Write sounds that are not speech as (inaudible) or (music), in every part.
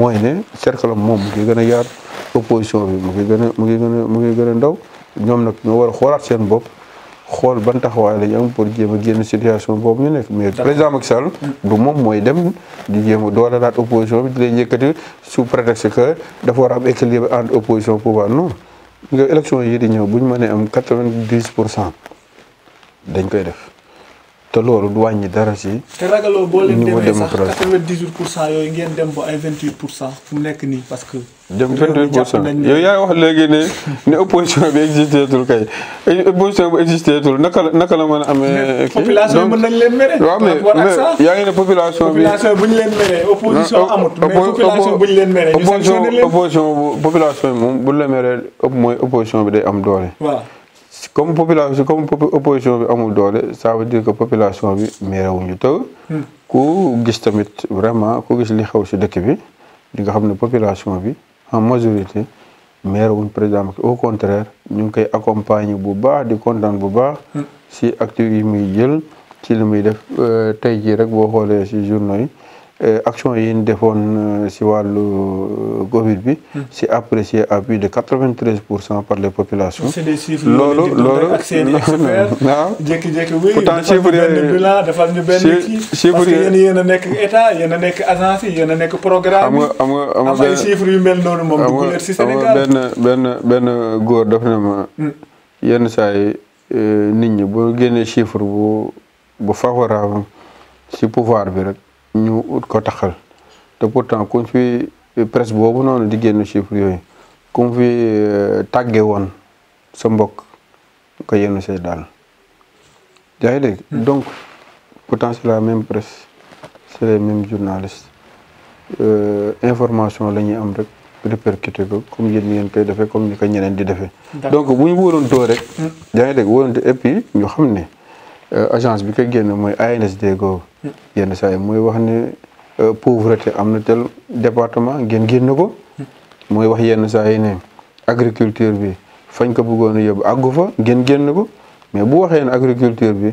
moy ne cercle mom moom gëna yar opposition bi mu ngi gëna mu ngi gëna mu ngi gëna ndaw ñom nak ñu war a seen bop xol ban taxawaay la ñam pour jéem a situation bop ñu nek mais président Macky Sall du mom moy dem di jéem do la laat opposition bi di lay yëkkati sous prétexte que dafa war a am équilibre entre opposition pouvoir non nga élection yi di ñëw bu mëne am 90% dañ koy def te loolu du wàññi dara si. te ragaloo boo leen demee sax cent yooyu ngeen dem ba ay pour cent fu mu nekk nii parce que. dem vingt-huit pour cent yow yaay wax léegi ne ne opposition bi existé tul kay opposition bu existé tul naka la naka la mën a amee. population mën nañ leen mere. waaw mais yaa ngi population bi bu ñu leen meree opposition bu ñu leen meree opposition population bi moom bu la meree opposition bi day am doole. comme population comme opposition bi amul doole ça veut dire que population bi merewuñu taw hmm. ku gis tamit vraiment ku gis li xew ci dëkk bi li nga xamné population bi en majorité merewuñ président au contraire ñu ngi koy accompagner bu baax di kontaan bu baax si hmm. activités yi muy jël ci li muy def euh, tay ji rek bo xolé ci journaux yi Euh, action yi ñu defoon euh, si wàllu euh, Covid bi. Hmm. si apprécié à plus de quatre vingt treize pour cent par les population loolu loolu ak seen i experts. waaw jékki-jékki oui defal ñu benn bilan defal ñu benn a nekk yéen a nekk agence yi yéen a nekk programme am nga am nga am ay chiffres yu mel noonu benn benn benn góor daf ne ma. Hmm. yenn saa nit ñi bu génnee chiffre bu bu favorable si pouvoir bi rek. ñu ut ko taxal te pourtant kuñ fi presse boobu noonu di génn chiffre yooyu kuñ fi euh, tàgge woon sa mbokk ko yenn say daal yaa ngi hmm. donc pourtant c'est la même presse c'est les mêmes journalistes euh, information la ñuy am rek répercuté ko comme yéen ngeen koy defee comme ni ko ñeneen di defee donc bu ñu wóorantoo rek hmm. yaa ngi dégg wóorante et ñu xam ne euh, agence bi ko génn mooy ANSD googu yenn saa yi mooy wax ne euh, pauvreté am na tel département ngeen génn ko mooy wax yenn saa yi ne agriculture bi fañ ko bëggoon a yóbbu àggu fa ngeen génn ko mais bu waxee ne agriculture bi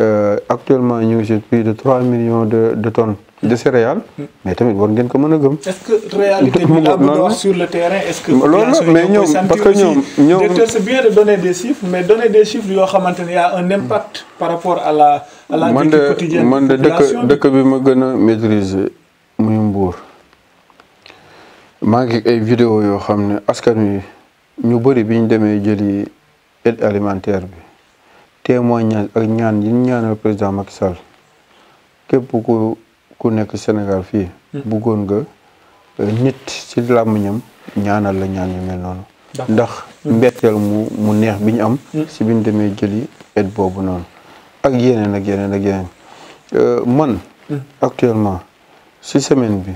euh, actuellement ñu ngi ci plus de trois millions de de tonnes de céréales. mais tamit war ngeen ko mën a gëm. est-ce que réalité bi la wax sur le terrain est-ce que. loolu la mais ñoom parce que ñoom ñoom directeur c'est bien de donner des chiffres mais donner des chiffres yoo xamante ne y a un impact par rapport à la. la man de man de dëkk dëkk bi ma gën a maitrise muy Mbour. maa ay vidéo yoo xam ne askan wi ñu bëri bi demee jëli aide alimentaire bi témoignage ak ñaan yi ñaanal président Macky Sall képp ku nekk Sénégal fii. Hmm. bëggoon ga euh, nit si làmmiñam ñaanal la ñaan yu mel noonu. ndax hmm. mbetteel mu mu neex bi ñu am. Hmm. si bi ñu demee jëli aide boobu noonu. ak yeneen ak yeneen ak yeneen euh, man. Mm. actuellement si semaine bi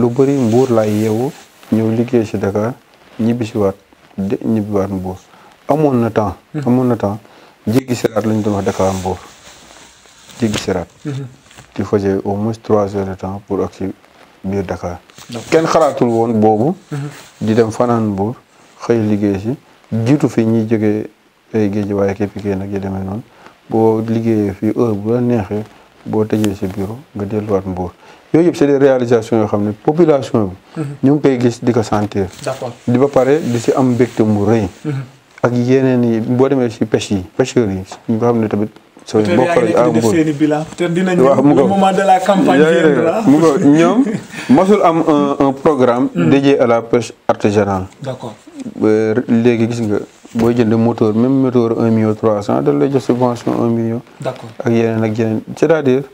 lu bëri mbuur laay yeewu ñëw liggéey si Dakar ñibbisiwaat de ñibbiwaat mbuur amoon na temps. Mm. amoon na temps jéggi siraat lañ doon wax Dakar mbuur jéggi siraat. di mm-hmm. fajee au moins trois heures de temps pour ak si biir Dakar. kenn xalaatul woon boobu. Mm-hmm. di dem fanaan mbuur xëy liggéey si jiitu fi ñuy jógee ay géej waaye képp kii nag yi demee noonu. boo liggéeyee fii heure bu la neexee boo tëjee si bureau nga delluwaat mbuur yooyu yëpp c'est réalisation yoo xam ne population bi mhm. ñu ngi koy gis di ko sentir di ba pare di si am mbégte mu rëy mhm. ak yeneen yi boo demee si pêche yi pêcheurs yi ñu xam ne tamit so bokkale ah Mbour waaw mu ko ñoom (laughs) mosul am un programme mhm. dédié à la pêche artisanale d'accord léegi gis nga booy jënd moteur même moteur un million trois cent dañ lay jox subvention un million. d'accord ak yeneen ak yeneen c'est-à-dire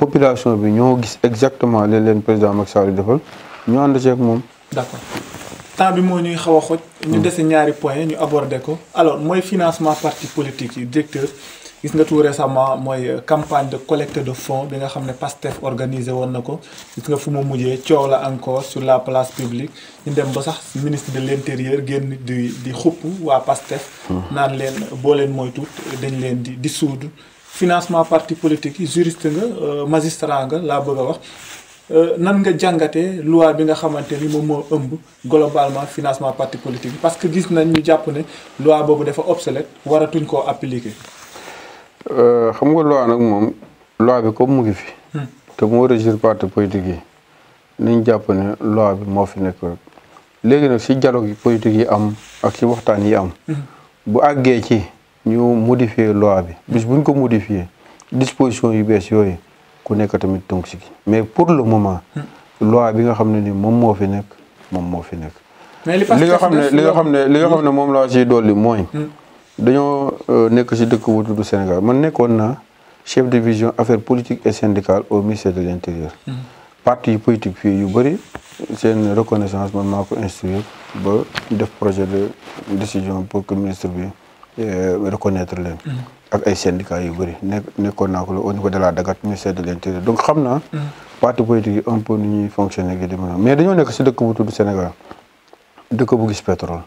population bi ñoo gis exactement li leen président Macky Sall defal ñu ànd ceeg moom. d'accord temps bi moo ñuy xaw a xoj. ñu hmm. dese ñaari point ñu aborder ko. alors mooy financement parti politique yi directeur. gis nga tout récemment mooy euh, campagne de collecte de fonds bi nga xam ne PASTEF organisé woon na ko gis nga fu mu mujjee coow la encore sur la place publique ñu dem ba sax ministre de l' intérieur génn di di xupp waa PASTEF. Hmm. naan leen boo leen mooy dañ leen di di suud financement parti politique juriste nga euh, magistrat nga laa bëgg a wax. Euh, nan nga jàngatee loi bi nga xamante ni moom moo ëmb globalement financement parti politique parce que gis nañ ñu jàpp ne loi boobu dafa obsolète waratuñ koo appliquer. Euh, xam nga loi nag moom loo bi comme mu ngi fi. Hmm. te moo régir parti politique yi nañ jàpp ne loi bi moo fi nekk rek léegi nag si dialogue politique yi am ak si waxtaan yi am. Hmm. bu àggee ci ñu modifier loi bi bis buñ ko modifier disposition yu bees yooyu ku nekk tamit tënk si mais pour le moment. Hmm. loo bi nga xam ne ni moom moo fi nekk moom moo fi nekk. li nga xam ne li nga xam ne li nga xam ne moom laa siy dolli mooy. dañoo euh, nekk ci Sénégal man nekkoon un chef de division affaires politiques et syndicales au ministère de l'intérieur. Hmm. parti politique est yu C'est une reconnaissance man moi, instruire ba def projet de décision pour que ministre bi euh, reconnaître leen. Hmm. ak ay syndicats yu bëri nekk nekkoon naa au niveau de la Dagat ministère de l'intérieur donc que le hmm. parti politique est un peu ni ñuy fonctionner gi demee mais dañoo nekk ci dëkk bu tudd Sénégal dëkk bu gis pétrole.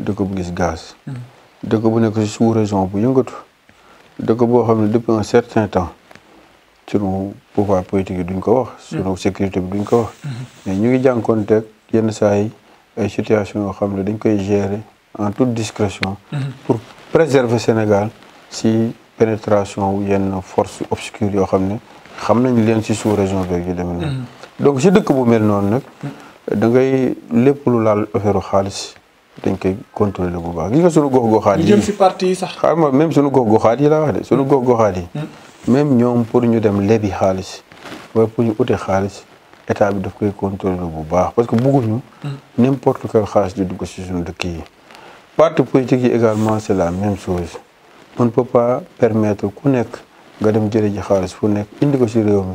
de bu gaz dëkk bu nekk ci sous-région bu yëngatu dëkk boo xam ne depuis un certain temps sunu pouvoir politique yi duñ ko wax. sunu mm-hmm. sécurité bi duñ ko wax. Mm-hmm. mais ñu ngi jànkuwanteeg yenn saa yi ay situation yoo xam ne dañ koy gérer en toute discrétion. Mm-hmm. pour préserver Sénégal si pénétration yenn force obscure yoo xam ne xam nañ leen ci sous-région beeg yu demee noonu. donc si dëkk bu mel noonu nag. da ngay lépp lu laal affaire xaalis. dañ koy contrôler baax gis nga sunu gox goxaat jëm si parti sax xaaral ma même sunu gox goxaat yi laa wax de sunu hmm. gox goxaat yi hmm. même ñoom pour ñu dem lebi xaalis wala pour ñu ute xaalis état bi daf koy contrôler bu baax parce que bëgguñu hmm. n'importe quel xaalis di dugg si sunu dëkk parti politique yi également c'est la même chose on ne peut pas permettre ku nekk nga dem jële ji xaalis fu nekk indi ko si réew mi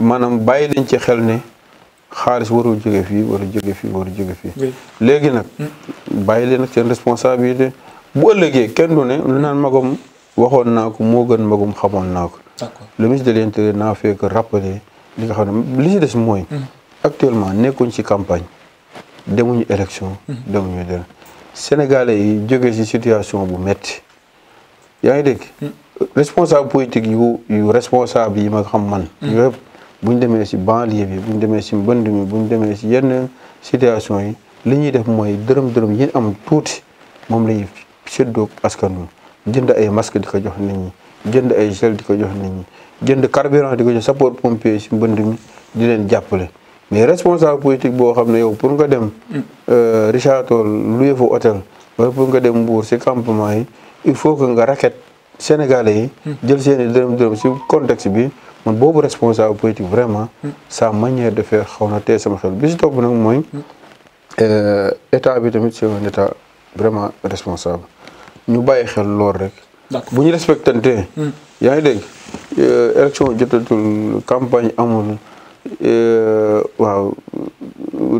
maanaam bàyyi leen ci xel ne xaalis waru jóge fii warul jóge fi warul jóge fii léegi nag hmm. bàyyi leen nag seen responsabilité bu ëllëgee kenn du ne lu naan magam waxoon naa ko moo gën magum xamoon naa ko le ministre de l'intérieur naa fekk rappeler li nga xam ne li ci des mooy hmm. actuellement nekkuñ si campagne demuñu élection hmm. demuñu dara sénégalais yi jóge ci situation bu metti yaa ngi dégg responsable politique yu responsable yi ma xam man bu ñu demee si banlieue bi bu ñu demee si mbënd mi bu ñu demee si yenn situation yi li ñuy def mooy dërëm dërëm yi am tuuti moom la ñuy séddoo askan wi jënd ay masque di ko jox nit jënd ay gel di ko jox nit ñi jënd carburant di ko jox sapeur pompier si mbënd mi di leen jàppale mais responsable politique boo xam ne yow pour nga dem mm. euh, Richard Toll loué fa hôtel wala pour nga dem Mbour si campement yi il faut que nga raket Sénégalais yi mm. jël seeni dërëm dërëm si contexte bi man boobu responsable politique vraiment. sa manière de faire xaw na tey sama xel bis si topp nag mooy. Euh, état bi tamit c'est un vraiment responsable ñu bàyyi xel loolu rek. bu ñu respectantee hmm. yaa ngi dégg euh, élection jotatul campagne amul euh, waaw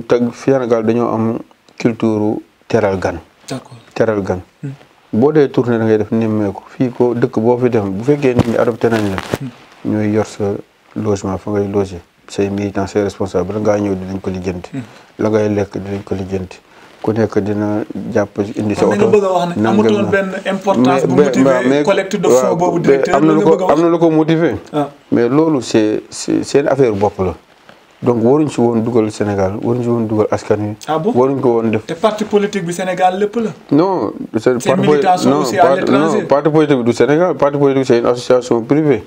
teg Sénégal dañoo am culture teral gan. d'accord teral gan. Hmm. boo dee tournée da ngay def nemmeeku fii ko dëkk boo fi dem bu fekkee nit ñi adopté nañ la. Hmm. ñoy yor sa logement fa ngay loger say militants say responsable bala ngaa ñëw dinañ ko lijjanti. Hmm. la ngay lek dinañ ko lijjanti. ku nekk dina japp indi sa oto. na nga bëgg a wax ne amutoon ben importance bu motiver collecte de fonds bobu directeur amna na lu ko am lu ko motiver. Ah. mais lolu c'est c'est une affaire bop la. donc waruñ si woon dugal Sénégal waruñ ci won duggal askan wi. Ah waruñ ko won def. te parti politique bi Sénégal lepp la. non c'est parti politique non parti politique du Sénégal parti politique c'est une association privée.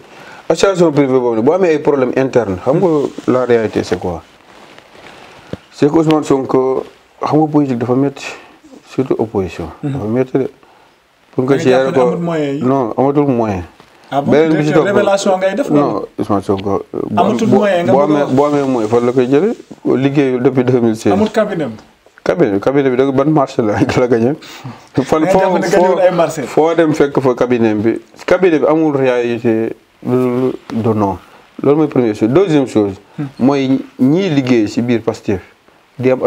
association privée boobu nag boo amee ay problème interne xam nga la réalité c' est quoi c' est que Ousmane Sonko xam nga politique dafa metti surtout opposition. Mhm. dafa métti de pour nga gérer ko non amatul moyen. Ah beneen bi ci topp révélation ngay def non Ousmane Sonko. amee moyen fan la koy jëlee liggéeyul depuis 2016. amul cabinet cabinet cabinet bi da ban marché la (laughs) la gagné. fan foo foo dem fekk fa cabinet bi cabinet bi amul réalité. Euh, première chose deuxième chose. Hmm. moi ni ligué ci biir Pastef di am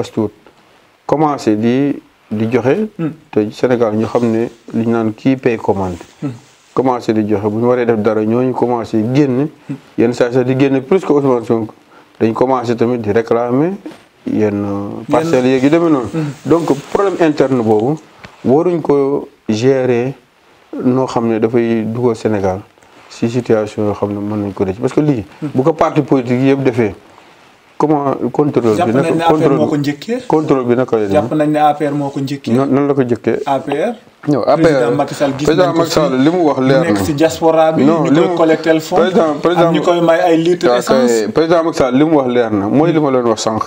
commencé di di hmm. Sénégal ñu xam li qui paye commande. Hmm. commencé di dire, bu ñu def dara commencé génn yenn une di génn plus que Ousmane Sonko commencé réclamer euh, donc problème interne gérer Sénégal. si situation yoo xam ne mën nañ ko rëcc parce que lii. bu ko parti politique yëpp defee. comme contrôle bi naka contrôle moo ko njëkkee. contrôle bi naka la jàpp nañ ne APR moo ko njëkkee. nan la ko njëkkee. APR. non APR président Macky Sall li mu wax leer na nekk si diaspora bi. non li mu collecté le fond président ñu koy may li mu wax leer na mooy li ma leen wax sànq.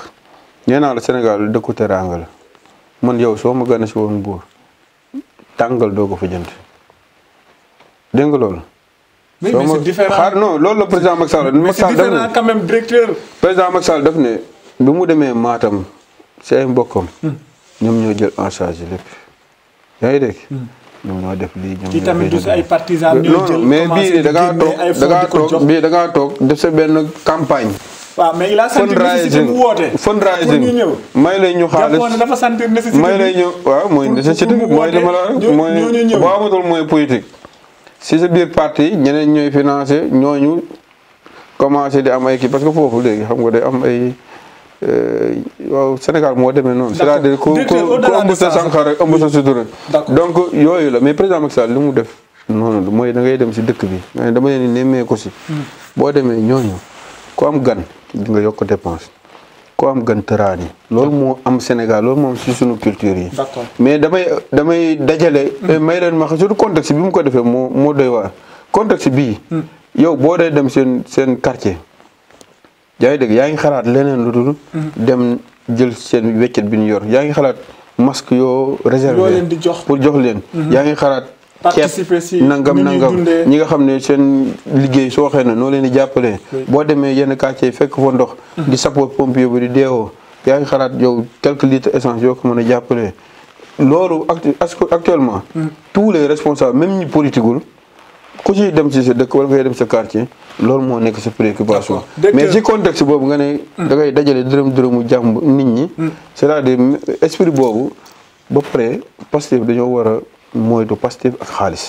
nee naa la Sénégal dëkku teraanga la man yow soo ma gane si woon buur tàngal doo ko fa jënd nga loolu. mais c'est différent xaar non loolu la président Macky Sall. Macky Sall def na quand même directeur. président bi mu demee maatam si ay mbokkam. Hmm. ñoom ñoo jël en charge lépp yaa ngi dégg. Hmm. ñoom ñoo def lii ñoom ñoo tamit du ay mais bii da ngaa toog da toog da ngaa toog def sa benn campagne. waaw mais a senti nécessité bu woote fundraising may lay ñu xaalis dafa sentir nécessité may lay waaw mooy nécessité mooy li mooy boo amatul mooy politique. si sa biir parti ñeneen ñooy financé ñooñu commencé di am ay kii parce que foofu léegi xam nga day am ay euh, waaw Sénégal moo demee noonu. c'est-à-dire ku ku ëmb sa sànqal rek ëmb sa sutura donc yooyu la mais président Macky Sall li mu def. noonu mooy da ngay dem si dëkk bi dama leen di nemmee ko si. Hmm. boo demee ñooñu ko am gan di nga yokk dépense. ko am gën tëraan yi loolu moo am Sénégal loolu moom si suñu culture yi. d'accord mais damay damay dajale. Hmm. Eh, may leen ma xam surtout contexte bi mu ko defee moo moo doy waar contexte bi hmm. yow boo dee dem seen seen quartier. yaa ngi dégg yaa ngi xalaat leneen lu dul. Hmm. dem jël seen weccet bi ñu yor yaa ngi xalaat masque yoo réservé. pour jox leen. yaa ngi xalaat. participer si nangam nangam ñi nga xam ne seen liggéey soo waxee noo leen di jàppalee. boo demee yenn quartier fekk fa ndox. di sappoor pompier bi di deewoo. yaa ngi xalaat yow quelques litres essence yoo ko mën a jàppalee. loolu actuellement. Mm. tous les responsables même ñi politiqueul ku ci dem ci sa dëkk wala ngay dem sa quartier. loolu moo nekk sa préoccupation. mais ci contexte boobu nga ne. Mm. da ngay dajale dërëm dërëmu jàmb nit ñi. Mm. c'est-à-dire esprit boobu ba pare Pastef dañoo war a. mooy du Pastef ak xaalis